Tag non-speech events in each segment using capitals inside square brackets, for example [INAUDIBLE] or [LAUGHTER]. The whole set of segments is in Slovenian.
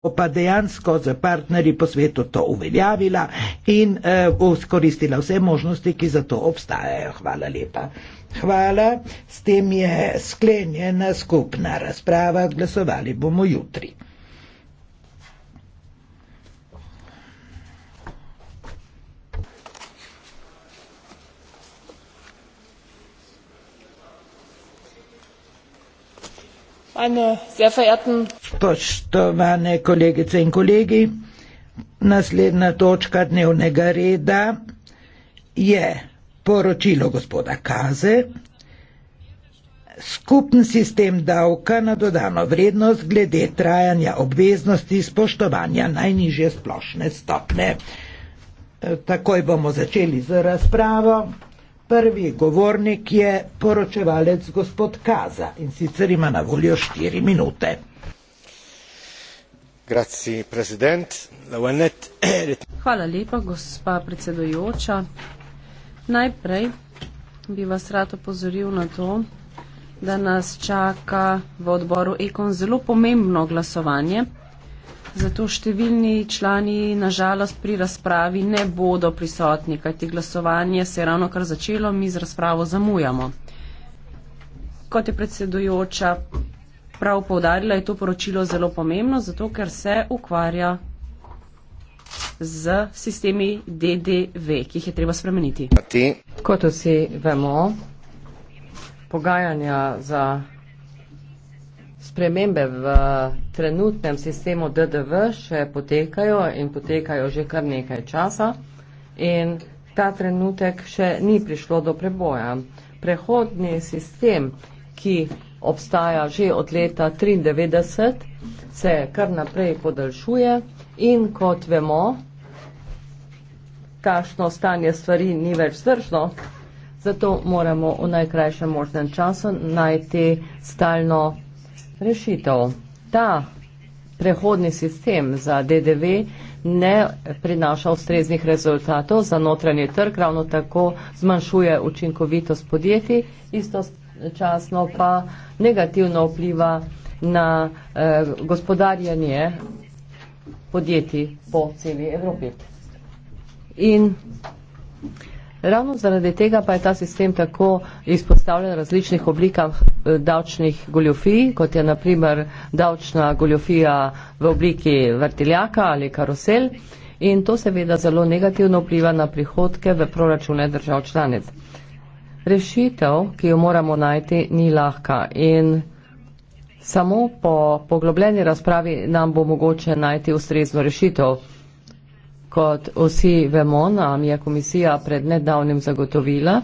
Evropa dejansko z partnerji po svetu to uveljavila in izkoristila eh, uh, vse možnosti, ki za to obstajajo. Hvala lepa. Hvala. S tem je sklenjena skupna razprava. Glasovali bomo jutri. Spoštovane kolegice in kolegi, naslednja točka dnevnega reda je poročilo gospoda Kaze, skupen sistem davka na dodano vrednost glede trajanja obveznosti spoštovanja najnižje splošne stopne. E, takoj bomo začeli z razpravo. Prvi govornik je poročevalec gospod Kaza in sicer ima na voljo štiri minute. [COUGHS] Hvala lepa, gospa predsedojoča. Najprej bi vas rad opozoril na to, da nas čaka v odboru Ekon zelo pomembno glasovanje. Zato številni člani nažalost pri razpravi ne bodo prisotni, kajti glasovanje se je ravno kar začelo, mi z razpravo zamujamo. Kot je predsedujoča prav povdarila, je to poročilo zelo pomembno, zato ker se ukvarja z sistemi DDV, ki jih je treba spremeniti. Kot vsi vemo, pogajanja za spremembe v trenutnem sistemu DDV še potekajo in potekajo že kar nekaj časa in ta trenutek še ni prišlo do preboja. Prehodni sistem, ki obstaja že od leta 1993, se kar naprej podaljšuje in kot vemo, takšno stanje stvari ni več zdržno, zato moramo v najkrajšem možnem času najti stalno rešitev. Ta prehodni sistem za DDV ne prinaša ustreznih rezultatov za notranji trg, ravno tako zmanjšuje učinkovitost podjetij, istočasno pa negativno vpliva na eh, gospodarjanje podjetij po celi Evropi. In Ravno zaradi tega pa je ta sistem tako izpostavljen različnih oblikah eh, davčnih goljofij, kot je naprimer davčna goljofija v obliki vrtiljaka ali karusel in to seveda zelo negativno vpliva na prihodke v proračune držav članic. Rešitev, ki jo moramo najti, ni lahka in samo po poglobljeni razpravi nam bo mogoče najti ustrezno rešitev. Kot vsi vemo, nam je komisija pred nedavnim zagotovila,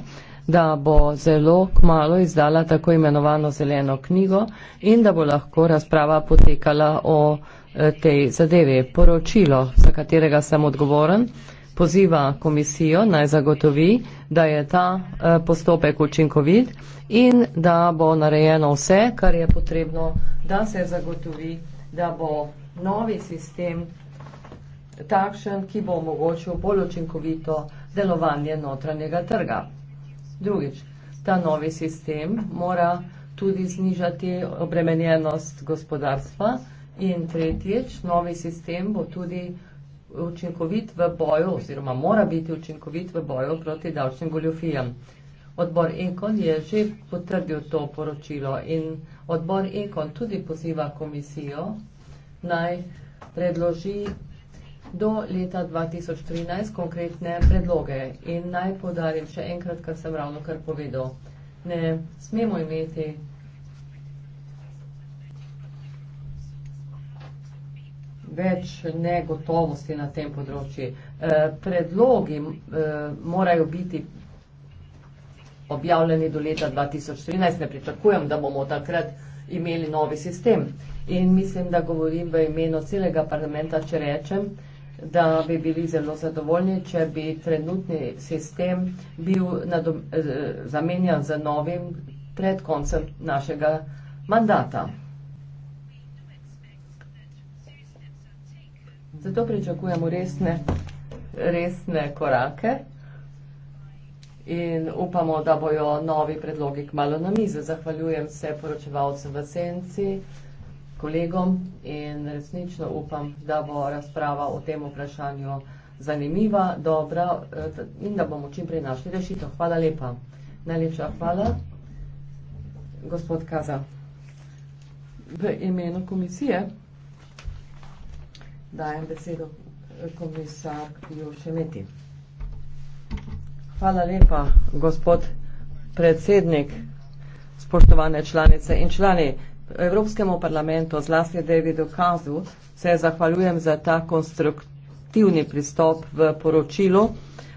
da bo zelo kmalo izdala tako imenovano zeleno knjigo in da bo lahko razprava potekala o eh, tej zadevi. Poročilo, za katerega sem odgovoren, poziva komisijo naj zagotovi, da je ta eh, postopek učinkovit in da bo narejeno vse, kar je potrebno, da se zagotovi, da bo novi sistem takšen, ki bo omogočil bolj učinkovito delovanje notranjega trga. Drugič, ta novi sistem mora tudi znižati obremenjenost gospodarstva in tretjič, novi sistem bo tudi učinkovit v boju oziroma mora biti učinkovit v boju proti davčnim goljofijam. Odbor Ekon je že potrdil to poročilo in odbor Ekon tudi poziva komisijo naj predloži do leta 2013 konkretne predloge. In naj podarim še enkrat, kar sem ravno kar povedal. Ne smemo imeti. Več negotovosti na tem področju. Eh, predlogi eh, morajo biti objavljeni do leta 2013. Ne pričakujem, da bomo takrat imeli novi sistem. In mislim, da govorim v imenu celega parlamenta, če rečem, da da bi bili zelo zadovoljni, če bi trenutni sistem bil nadom, eh, zamenjan z novim pred koncem našega mandata. Zato pričakujemo resne, resne korake in upamo, da bojo novi predlogi k malo na mize. Zahvaljujem se poročevalcem v senci kolegom in resnično upam, da bo razprava o tem vprašanju zanimiva, dobra eh, in da bomo čim prej našli rešitev. Hvala lepa. Najlepša hvala. Gospod Kaza, v imenu komisije dajem besedo komisarju Šemeti. Hvala lepa, gospod predsednik, spoštovane članice in člani. Evropskemu parlamentu, zlasti Davidu Kazu, se zahvaljujem za ta konstruktivni pristop v poročilu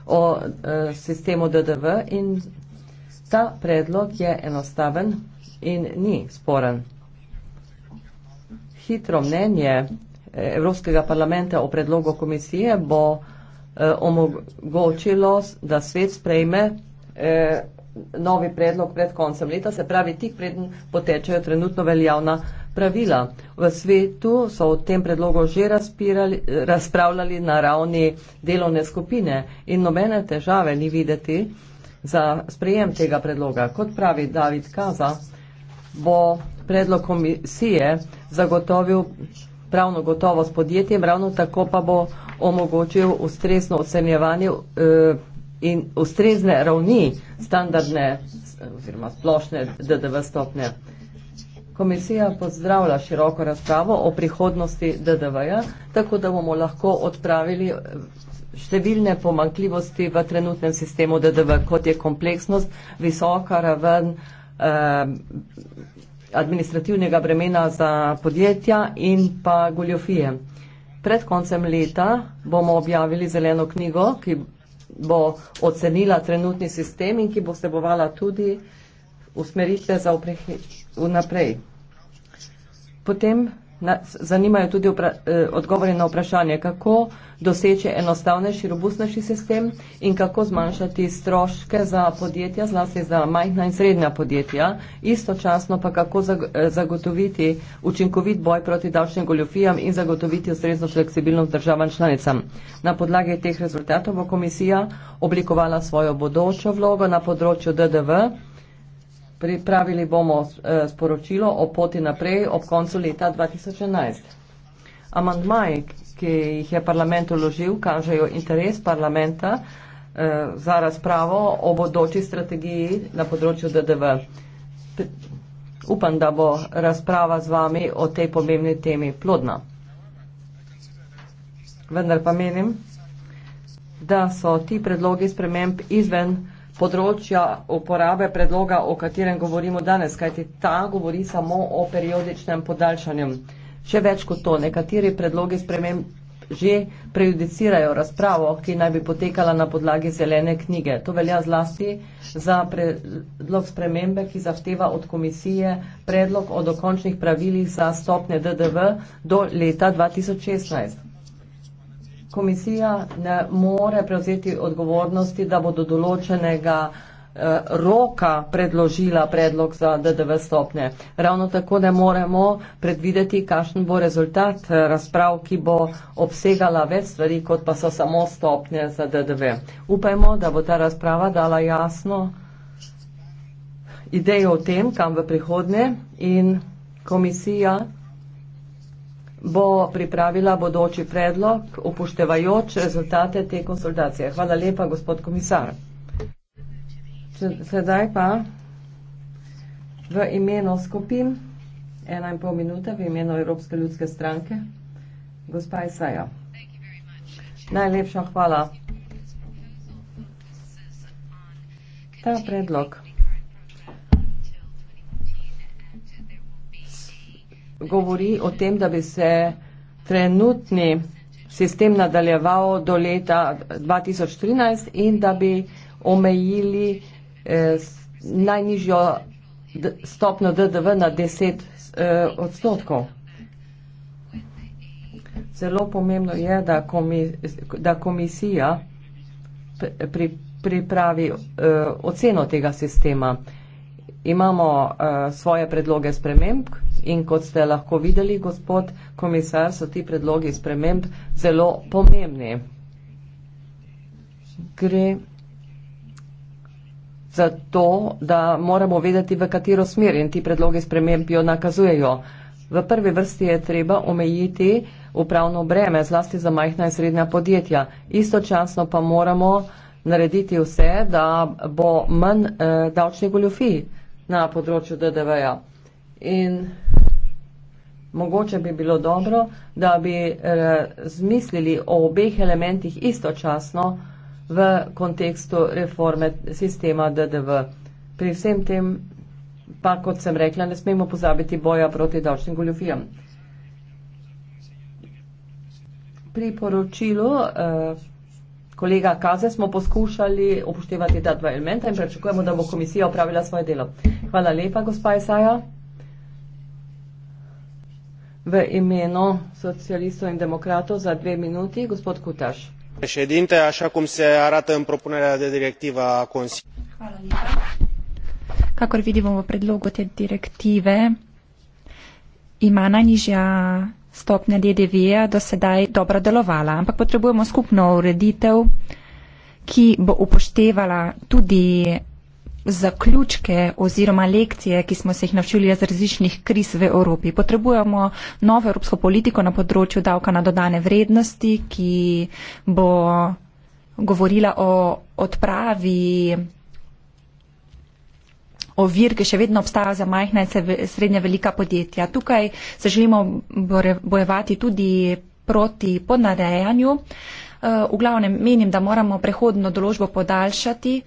o e, sistemu DDV in ta predlog je enostaven in ni sporen. Hitro mnenje e, Evropskega parlamenta o predlogu komisije bo e, omogočilo, da svet sprejme e, novi predlog pred koncem leta, se pravi, tik preden potečejo trenutno veljavna pravila. V svetu so o tem predlogu že razpravljali na ravni delovne skupine in nobene težave ni videti za sprejem tega predloga. Kot pravi David Kaza, bo predlog komisije zagotovil pravno gotovost podjetjem, ravno tako pa bo omogočil ustrezno ocenjevanje. Eh, in ustrezne ravni standardne oziroma splošne DDV stopnje. Komisija pozdravlja široko razpravo o prihodnosti DDV-ja, tako da bomo lahko odpravili eh, številne pomankljivosti v trenutnem sistemu DDV, kot je kompleksnost, visoka raven eh, administrativnega bremena za podjetja in pa goljofije. Pred koncem leta bomo objavili zeleno knjigo, ki bo ocenila trenutni sistem in ki bo vsebovala tudi usmeritve za vprehe, vnaprej. Potem zanimajo tudi eh, odgovori na vprašanje, kako doseči enostavnejši, robustnejši sistem in kako zmanjšati stroške za podjetja, zlasti za majhna in srednja podjetja, istočasno pa kako eh, zagotoviti učinkovit boj proti davčnim goljofijam in zagotoviti ustrezno fleksibilnost državam članicam. Na podlagi teh rezultatov bo komisija oblikovala svojo bodočo vlogo na področju DDV pripravili bomo eh, sporočilo o poti naprej ob koncu leta 2011. Amandmaji, ki jih je parlament uložil, kažejo interes parlamenta eh, za razpravo o bodoči strategiji na področju DDV. Upam, da bo razprava z vami o tej pomembni temi plodna. Vendar pa menim, da so ti predlogi sprememb izven področja uporabe predloga, o katerem govorimo danes, kajti ta govori samo o periodičnem podaljšanju. Še več kot to, nekateri predlogi spremem že prejudicirajo razpravo, ki naj bi potekala na podlagi zelene knjige. To velja zlasti za predlog spremembe, ki zahteva od komisije predlog o dokončnih pravilih za stopne DDV do leta 2016 komisija ne more prevzeti odgovornosti, da bo do določenega eh, roka predložila predlog za DDV stopnje. Ravno tako ne moremo predvideti, kakšen bo rezultat eh, razprav, ki bo obsegala več stvari, kot pa so samo stopnje za DDV. Upajmo, da bo ta razprava dala jasno idejo o tem, kam v prihodnje in komisija bo pripravila bodoči predlog, upoštevajoč rezultate te konsultacije. Hvala lepa, gospod komisar. Sedaj pa v imenu skupin, ena in pol minuta, v imenu Evropske ljudske stranke, gospa Isaja. Najlepša hvala. Ta predlog. govori o tem, da bi se trenutni sistem nadaljeval do leta 2013 in da bi omejili eh, najnižjo stopno DDV na 10 eh, odstotkov. Zelo pomembno je, da, komis, da komisija pri, pripravi eh, oceno tega sistema. Imamo eh, svoje predloge sprememb, In kot ste lahko videli, gospod komisar, so ti predlogi sprememb zelo pomembni. Gre za to, da moramo vedeti, v katero smer in ti predlogi sprememb jo nakazujejo. V prvi vrsti je treba omejiti upravno breme, zlasti za majhna in srednja podjetja. Istočasno pa moramo narediti vse, da bo manj eh, davčnih goljofij na področju DDV-ja. In Mogoče bi bilo dobro, da bi eh, razmislili o obeh elementih istočasno v kontekstu reforme sistema DDV. Pri vsem tem pa, kot sem rekla, ne smemo pozabiti boja proti davčnim goljofijam. Pri poročilu eh, kolega Kaze smo poskušali upoštevati ta dva elementa in prečakujemo, da bo komisija opravila svoje delo. Hvala lepa, gospa Esaja v imenu socialistov in demokratov za dve minuti, gospod Kutaš. Președinte, așa cum se arată în propunerea de directivă a Consiliului. Kako vidimo v predlogu te direktive, ima najnižja stopnja DDV-ja do sedaj dobro delovala, ampak potrebujemo skupno ureditev, ki bo upoštevala tudi zaključke oziroma lekcije, ki smo se jih navčili iz različnih kriz v Evropi. Potrebujemo novo evropsko politiko na področju davka na dodane vrednosti, ki bo govorila o odpravi ovir, ki še vedno obstajajo za majhna in srednja velika podjetja. Tukaj se želimo bojevati tudi proti ponarejanju. Eh, v glavnem menim, da moramo prehodno doložbo podaljšati,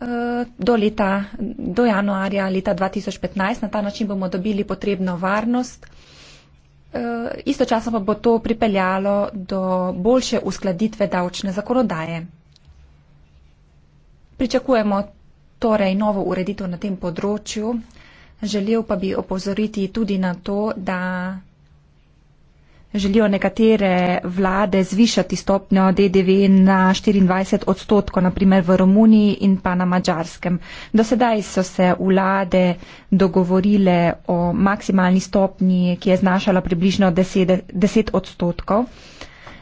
Eh, do, leta, do januarja leta 2015. Na ta način bomo dobili potrebno varnost. Eh, istočasno pa bo to pripeljalo do boljše uskladitve davčne zakonodaje. Pričakujemo torej novo ureditev na tem področju. Želel pa bi opozoriti tudi na to, da Želijo nekatere vlade zvišati stopnjo DDV na 24 odstotkov, naprimer v Romuniji in pa na Mačarskem. Do sedaj so se vlade dogovorile o maksimalni stopnji, ki je znašala približno 10 odstotkov.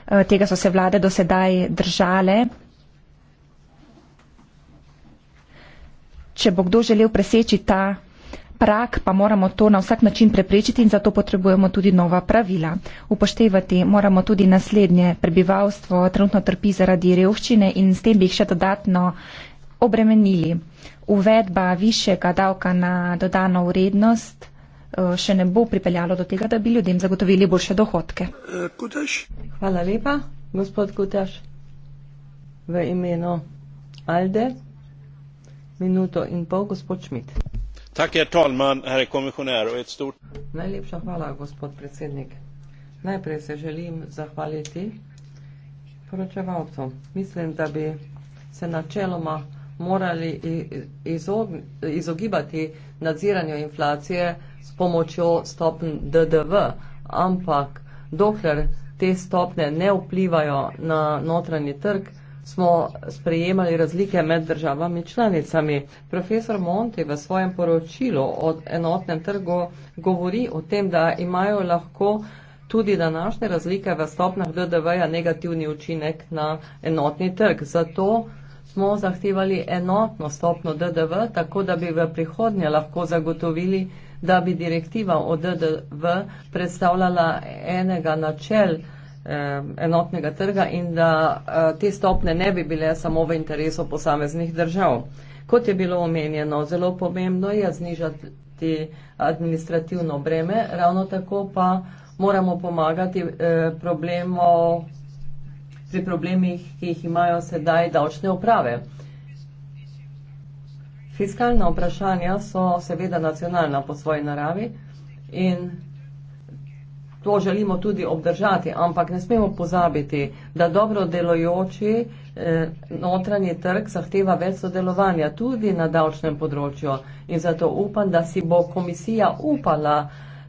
Eh, tega so se vlade do sedaj držale. Če bo kdo želel preseči ta prak, pa moramo to na vsak način preprečiti in zato potrebujemo tudi nova pravila. Upoštevati moramo tudi naslednje. Prebivalstvo trenutno trpi zaradi revščine in s tem bi jih še dodatno obremenili. Uvedba višjega davka na dodano vrednost eh, še ne bo pripeljalo do tega, da bi ljudem zagotovili boljše dohodke. Kutež. Hvala lepa, gospod Kutaš. V imenu Alde, minuto in pol, gospod Šmit. Herr talman, herr kommissionär och ett stort... Najlepša hvala, gospod predsednik. Najprej se želim zahvaliti poročevalcom. Mislim, da bi se načeloma morali izog, izogibati nadziranju inflacije s pomočjo stopn DDV, ampak dokler te stopne ne vplivajo na notranji trg, smo sprejemali razlike med državami članicami. Profesor Monti v svojem poročilu o enotnem trgu govori o tem, da imajo lahko tudi današnje razlike v stopnah DDV-ja negativni učinek na enotni trg. Zato smo zahtevali enotno stopno DDV, tako da bi v prihodnje lahko zagotovili, da bi direktiva o DDV predstavljala enega načela enotnega trga in da eh, te stopne ne bi bile samo v interesu posameznih držav. Kot je bilo omenjeno, zelo pomembno je znižati administrativno breme, ravno tako pa moramo pomagati eh, pri problemih, ki jih imajo sedaj davčne uprave. Fiskalna vprašanja so seveda nacionalna po svoji naravi in vprašanja, to želimo tudi obdržati, ampak ne smemo pozabiti, da dobro delojoči eh, notranji trg zahteva več sodelovanja tudi na davčnem področju in zato upam, da si bo komisija upala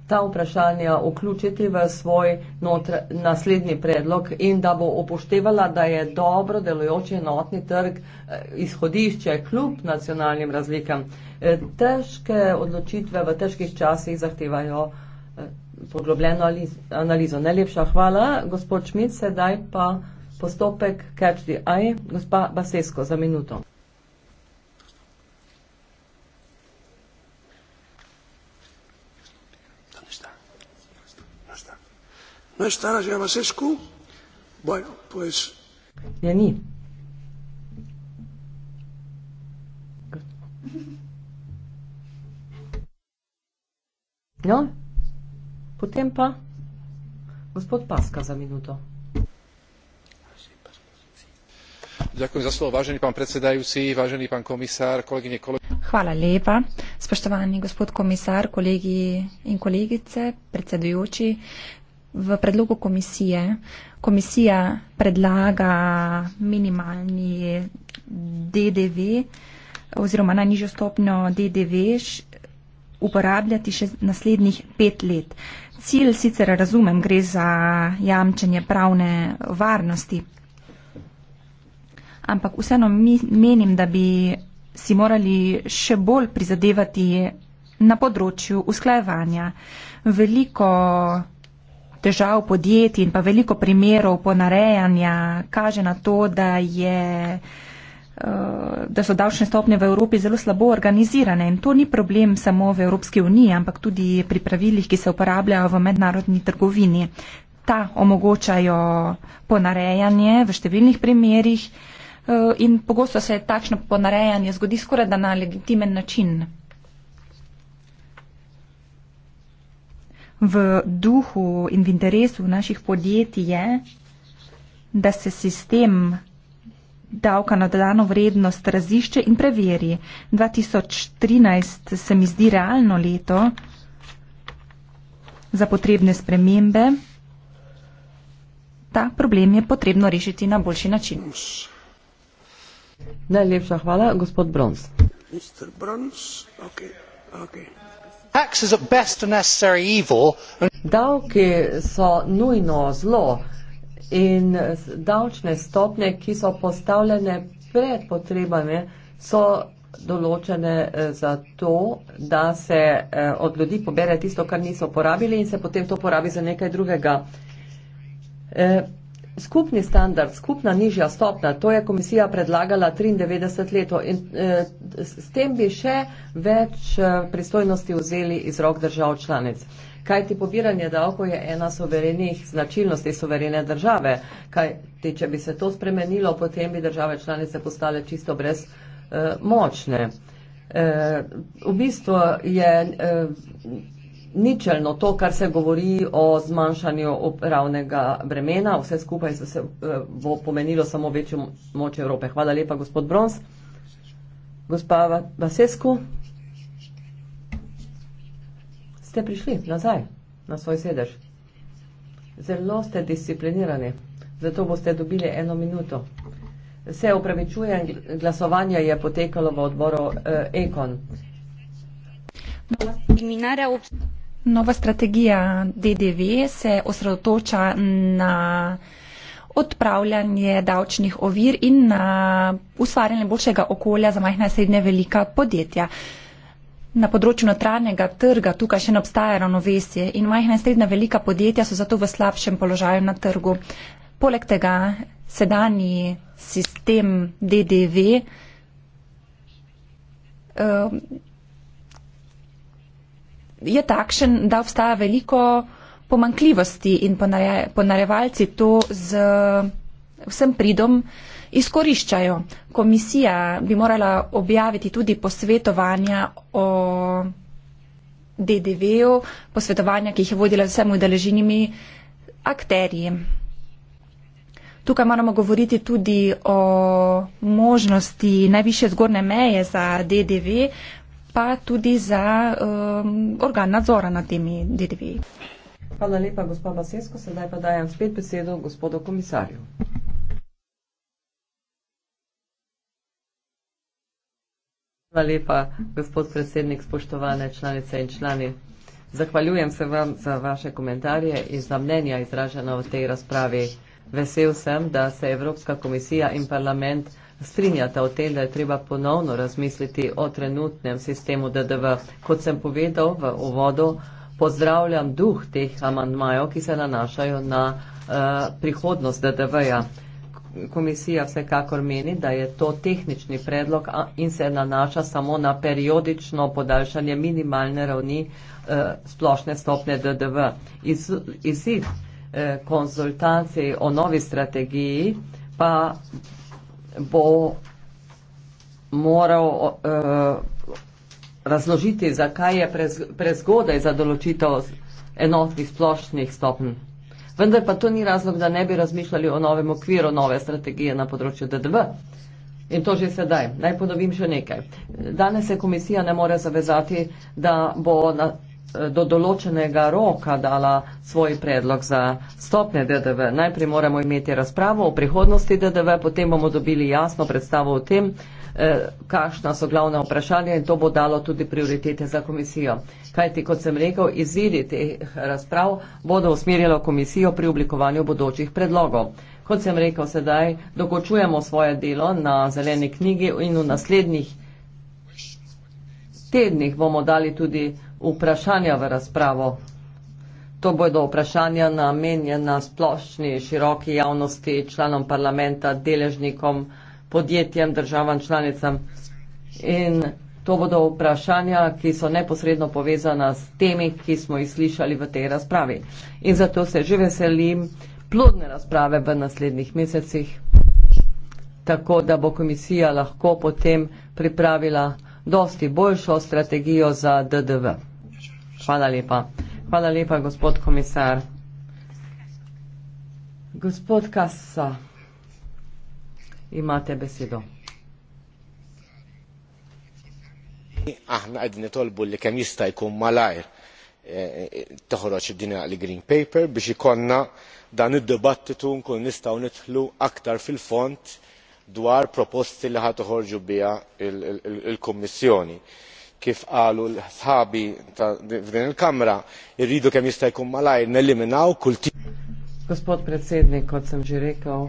ta vprašanja vključiti v svoj notr, naslednji predlog in da bo upoštevala, da je dobro delojoči enotni trg eh, izhodišče kljub nacionalnim razlikam. Eh, težke odločitve v težkih časih zahtevajo poglobljeno analizo. Najlepša hvala, gospod Šmit, sedaj pa postopek Catch the Eye, gospa Basesko, za minuto. No está no no la señora Masescu. Bueno, pues. Yani. Ja, no. Potem pa gospod Paska za minuto. Ďakujem za slovo, vážený pán predsedajúci, vážený pán komisár, kolegyne, kolegy. Hvala lepa, spoštovani gospod komisár, kolegi in kolegice, predsedujoči. V predlogu komisije komisija predlaga minimalni DDV oziroma najnižjo stopnjo DDV uporabljati še naslednjih pet let. Cilj sicer razumem, gre za jamčenje pravne varnosti, ampak vseeno menim, da bi si morali še bolj prizadevati na področju usklajevanja. Veliko težav podjetij in pa veliko primerov ponarejanja kaže na to, da je uh, Eh, da so davčne stopnje v Evropi zelo slabo organizirane in to ni problem samo v Evropski uniji, ampak tudi pri pravilih, ki se uporabljajo v mednarodni trgovini. Ta omogočajo ponarejanje v številnih primerjih eh, in pogosto se takšno ponarejanje zgodi skoraj da na legitimen način. V duhu in v interesu naših podjetij je, da se sistem davka na dodano vrednost razišče in preveri. 2013 se mi zdi realno leto za potrebne spremembe. Ta problem je potrebno rešiti na boljši način. Najlepša hvala, gospod Brons. Davki so nujno zlo in davčne stopnje, ki so postavljene pred potrebami, so določene eh, za to, da se eh, od ljudi pobere tisto, kar niso porabili in se potem to porabi za nekaj drugega. Eh, skupni standard, skupna nižja stopna, to je komisija predlagala 93 leto in s tem bi še več pristojnosti vzeli iz rok držav članic. Kaj ti pobiranje davko je ena soverenih značilnosti soverene države? Kaj ti, če bi se to spremenilo, potem bi države članice postale čisto brez eh, močne. Eh, v bistvu je eh, ničelno to, kar se govori o zmanjšanju upravnega bremena. Vse skupaj se eh, bo pomenilo samo večjo moč Evrope. Hvala lepa, gospod Brons. Gospa Vasescu ste prišli nazaj na svoj sedež. Zelo ste disciplinirani, zato boste dobili eno minuto. Se upravičujem, glasovanje je potekalo v odboru eh, Ekon. Nova strategija DDV se osredotoča na odpravljanje davčnih ovir in na ustvarjanje boljšega okolja za majhna in srednja velika podjetja. Eh, Na področju notranjega trga tukaj še ne obstaja ravnovesje in majhna in srednja velika podjetja so zato v slabšem položaju na trgu. Poleg tega sedanji sistem DDV eh, je takšen, da obstaja veliko pomankljivosti in ponarevalci to z vsem pridom izkoriščajo. Komisija bi morala objaviti tudi posvetovanja o DDV-ju, posvetovanja, ki jih je vodila z vsemi udeleženimi akterji. Tukaj moramo govoriti tudi o možnosti najviše zgornje meje za DDV, pa tudi za um, organ nadzora nad temi DDV. Hvala lepa, gospod Basesko. Sedaj pa dajem spet besedo gospodu komisarju. Hvala lepa, gospod predsednik, spoštovane članice in člani. Zahvaljujem se vam za vaše komentarje in za mnenja izražena v tej razpravi. Vesel sem, da se Evropska komisija in parlament strinjata o tem, da je treba ponovno razmisliti o trenutnem sistemu DDV. Kot sem povedal v uvodu, pozdravljam duh teh amandmajev, ki se nanašajo na uh, prihodnost DDV-ja komisija vsekakor meni, da je to tehnični predlog in se nanaša samo na periodično podaljšanje minimalne ravni eh, splošne stopne DDV. Iz, iz eh, konzultacij o novi strategiji pa bo moral eh, razložiti, zakaj je prezgodaj za določitev enotnih splošnih stopenj. Vendar pa to ni razlog, da ne bi razmišljali o novem okviru, nove strategije na področju DDV. In to že sedaj. Naj ponovim še nekaj. Danes se komisija ne more zavezati, da bo na, eh, do določenega roka dala svoj predlog za stopne DDV. Najprej moramo imeti razpravo o prihodnosti DDV, potem bomo dobili jasno predstavo o tem, Eh, kakšna so glavna vprašanja in to bo dalo tudi prioritete za komisijo. Kajti, kot sem rekel, izidi teh razprav bodo usmerjalo komisijo pri oblikovanju bodočih predlogov. Kot sem rekel, sedaj dokočujemo svoje delo na zeleni knjigi in v naslednjih tednih bomo dali tudi vprašanja v razpravo. To bodo vprašanja namenjena splošni, široki javnosti, članom parlamenta, deležnikom, uh, podjetjem, državam, članicam. In to bodo vprašanja, ki so neposredno povezana s temi, ki smo jih slišali v tej razpravi. In zato se že veselim plodne razprave v naslednjih mesecih, tako da bo komisija lahko potem pripravila dosti boljšo strategijo za DDV. Hvala lepa. Hvala lepa, gospod komisar. Gospod Kassa imate besedo. Ahmed, nitolbu li kem jista jkun malajr e, e, toħroġ id-dinja li Green Paper biex ikonna dan id-dibattitu nkun nistgħu nidħlu aktar fil-font dwar proposti li ħad toħorġu biha il-Kummissjoni. Kif qalu l-sħabi f'din il-Kamra, irridu kemm jista' jkun malajr neliminaw kultur. Gospod predsednik, kot sem že rekel,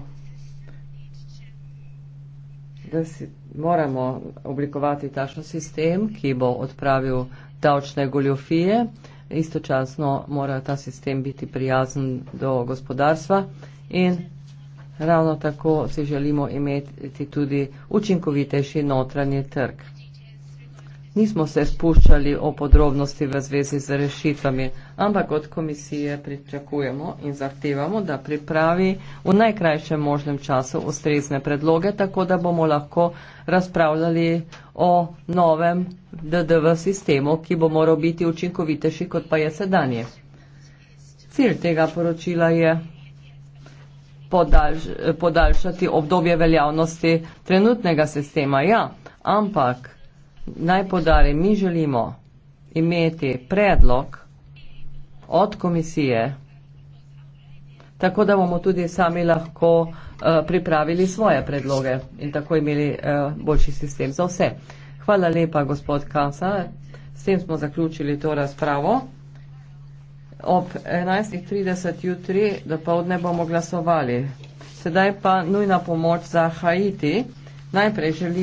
da si moramo oblikovati takšen sistem, ki bo odpravil davčne goljofije. Istočasno mora ta sistem biti prijazen do gospodarstva in ravno tako si želimo imeti tudi učinkovitejši notranji trg nismo se spuščali o podrobnosti v zvezi z rešitvami, ampak od komisije pričakujemo in zahtevamo, da pripravi v najkrajšem možnem času ustrezne predloge, tako da bomo lahko razpravljali o novem DDV sistemu, ki bo moral biti učinkovitejši, kot pa je sedanje. Cilj tega poročila je podalj, podaljšati obdobje veljavnosti trenutnega sistema, ja, ampak Naj podarim, mi želimo imeti predlog od komisije, tako da bomo tudi sami lahko uh, pripravili svoje predloge in tako imeli uh, boljši sistem za vse. Hvala lepa, gospod Kasa. S tem smo zaključili to razpravo. Ob 11.30 jutri do povdne bomo glasovali. Sedaj pa nujna pomoč za Haiti. Najprej želim.